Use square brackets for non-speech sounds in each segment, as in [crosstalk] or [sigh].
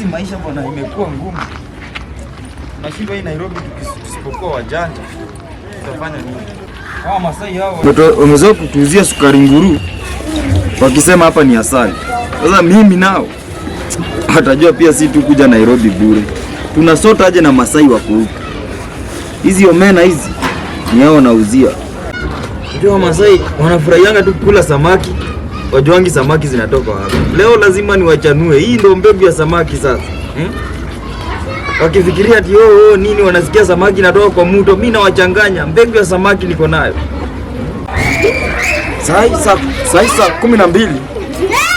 hizi maisha bwana imekuwa ngumu, tunashinda hii Nairobi. Tusipokuwa wajanja tutafanya nini? Hawa Masai hao wamezoea kutuuzia sukari nguru, wakisema hapa ni asali. Sasa mimi nao atajua pia si tu kuja Nairobi bure, tunasota aje na Masai wa huku. Hizi omena hizi ni hao wanauzia, ndio Masai wanafurahianga tu kula samaki wajuangi samaki zinatoka wapi. Leo lazima niwachanue, hii ndio mbegu ya samaki sasa hmm? Wakifikiria ati oh, oh, nini, wanasikia samaki natoka kwa mto. mi nawachanganya mbegu ya samaki niko nayo. Saa hii kumi na mbili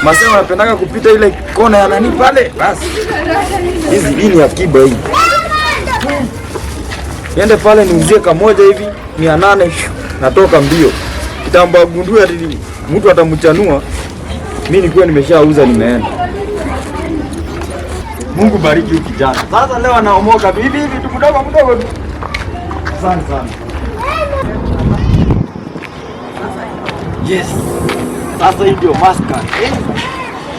masaa wanapendaka kupita ile kona ya nani pale. Basi hizi hii ni akiba hii, niende pale niuzie kamoja hivi mia nane natoka mbio, kitambo agundue ati mtu atamchanua, mi nikuwa nimeshauza nimeenda. Mungu bariki kijana. Sasa leo anaomoka hivi hivi tu mdogo mdogo tu. Asante sana. Yes. Sasa hii ndio maska.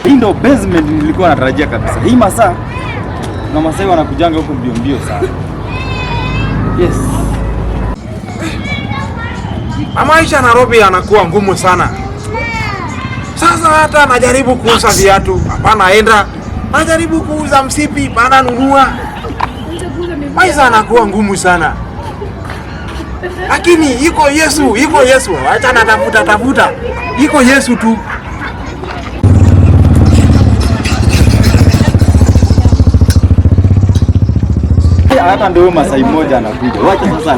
Hii ndio basement nilikuwa natarajia kabisa. Hii masaa na masaa wanakujanga huko mbio mbio sana. Yes. Maisha Nairobi yanakuwa ngumu sana. Sasa hata najaribu kuuza viatu, hapana enda. Najaribu kuuza msipi, pana nunua. Maisha anakuwa ngumu sana. Lakini iko Yesu, iko Yesu. Acha natafuta tafuta. Iko Yesu tu. Hata ndio Masai moja anakuja. Wacha sasa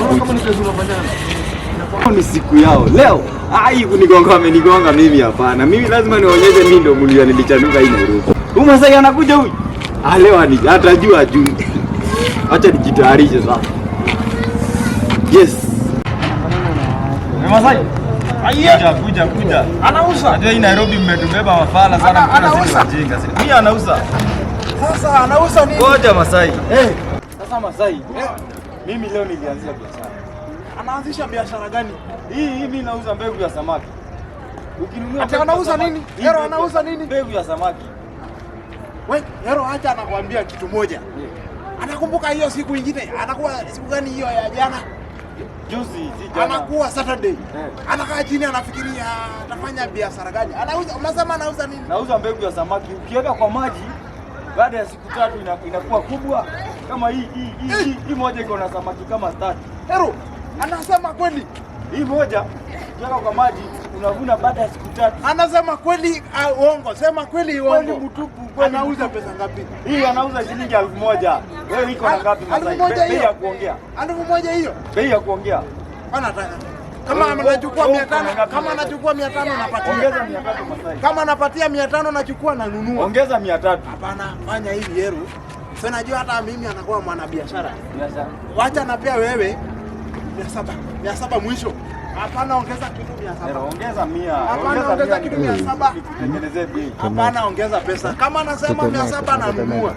leo ni siku yao leo. Ai, kunigonga amenigonga mimi, hapana. Mimi lazima nionyeshe mimi ndio mlio nilichanuka hii Nairobi. Huyu anakuja huyu. Ah, leo ani atajua juu. [laughs] Acha nijitayarishe sasa. Yes. Ni eh, Masai. Kuja kuja kuja. Anauza. Hata hii Nairobi mmetubeba wafala sana. Anauza. Mimi anauza. Sasa anauza nini? Ngoja Masai. Eh. Sasa Masai. Eh, mimi leo nilianzia biashara anaanzisha biashara gani hii? Hii mimi nauza mbegu ya samaki. Ukinunua mbegu anauza nini? Hero anauza nini? Mbegu ya samaki. Wewe Hero, acha anakuambia kitu moja, anakumbuka hiyo siku nyingine. Anakuwa siku gani hiyo ya jana? Juzi, si jana. Anakuwa Saturday. Yeah. Anakaa chini anafikiria anafanya ah, biashara gani? Anauza, unasema anauza nini? Nauza mbegu ya samaki. Ukiweka kwa maji baada ya siku tatu inakuwa kubwa kama hii hii eh! hii, hii moja iko na samaki kama tatu. Hero, Anasema kweli. Hii moja kutoka kwa maji unavuna baada ya siku tatu. Anasema kweli ah, uongo. Sema kweli uongo. Kweli mtupu. anauza pesa ngapi? Hii anauza shilingi elfu moja. Wewe iko na ngapi Masai? Bei ya kuongea. Elfu moja hiyo. Bei ya kuongea. Bana tanga. Kama anachukua 500, kama anachukua 500 anapatia. Ongeza 500 Masai. Kama anapatia 500 anachukua na nunua. Ongeza 300. Hapana, fanya hivi Heru. Sasa najua hata mimi anakuwa mwanabiashara. Biashara. Wacha napea wewe mia saba mia saba mwisho. Hapana, ongeza kitu mia saba ongeza mia. Hapana, ongeza kitu mia saba Hapana, ongeza pesa. Kama anasema mia saba ananunua,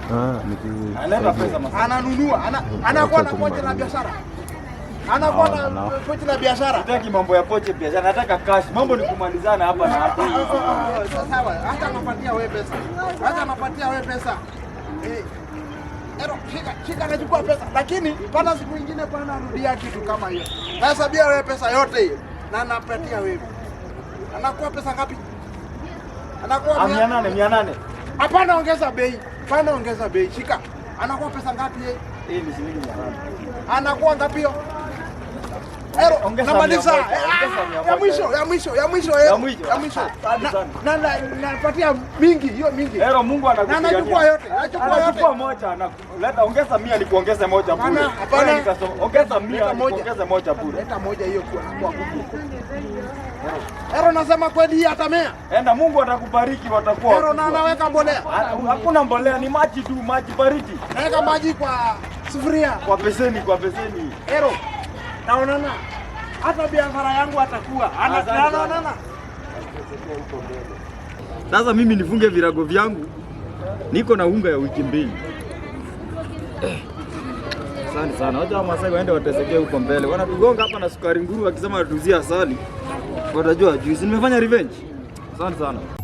analeta pesa, ananunua, anakuwa na pochi la biashara anakuwa na pochi la biashara. Hataki mambo ya pochi biashara, nataka cash. Mambo ni kumalizana hapa na hapo. Sawa, hata anapatia wewe pesa, hata anapatia wewe pesa ero, shika shika, pesa, lakini pana siku ingine pana rudia kitu kama hiyo. Nahesabia wewe pesa yote hiyo na napatia wewe, anakuwa pesa ngapi? Anakuwa ah, mia nane mia nane Hapana, ongeza bei, pana ongeza bei, shika, anakuwa pesa ngapi yeye? Anakuwa ngapi hiyo? namaliza ah, ya mwisho ya mwisho ya mwisho eh, ya mwisho, ah, na napatia mingi hiyo mingi. Hero, Mungu anakupigia, anachukua yote, anachukua yote, moja analeta. Ongeza mia ni kuongeze moja bure. Hapana, yaani ongeza mia ni moja bure. Leta moja hiyo kwa Hero, nasema kweli atamea. Enda, Mungu atakubariki watakuwa. Hero, na anaweka mbolea. Hakuna mbolea, ni maji tu, maji baridi. Naweka maji kwa sufuria. Kwa beseni, kwa beseni. Hero naonana, hata biashara yangu atakuwa Sasa mimi nifunge virago vyangu, niko na unga ya wiki mbili. Asante sana. Wacha Wamasai waende watesekee huko mbele, wanatugonga hapa na sukari nguru, wakisema atuzia asali, watajua juisi. Nimefanya revenge. Asante sana.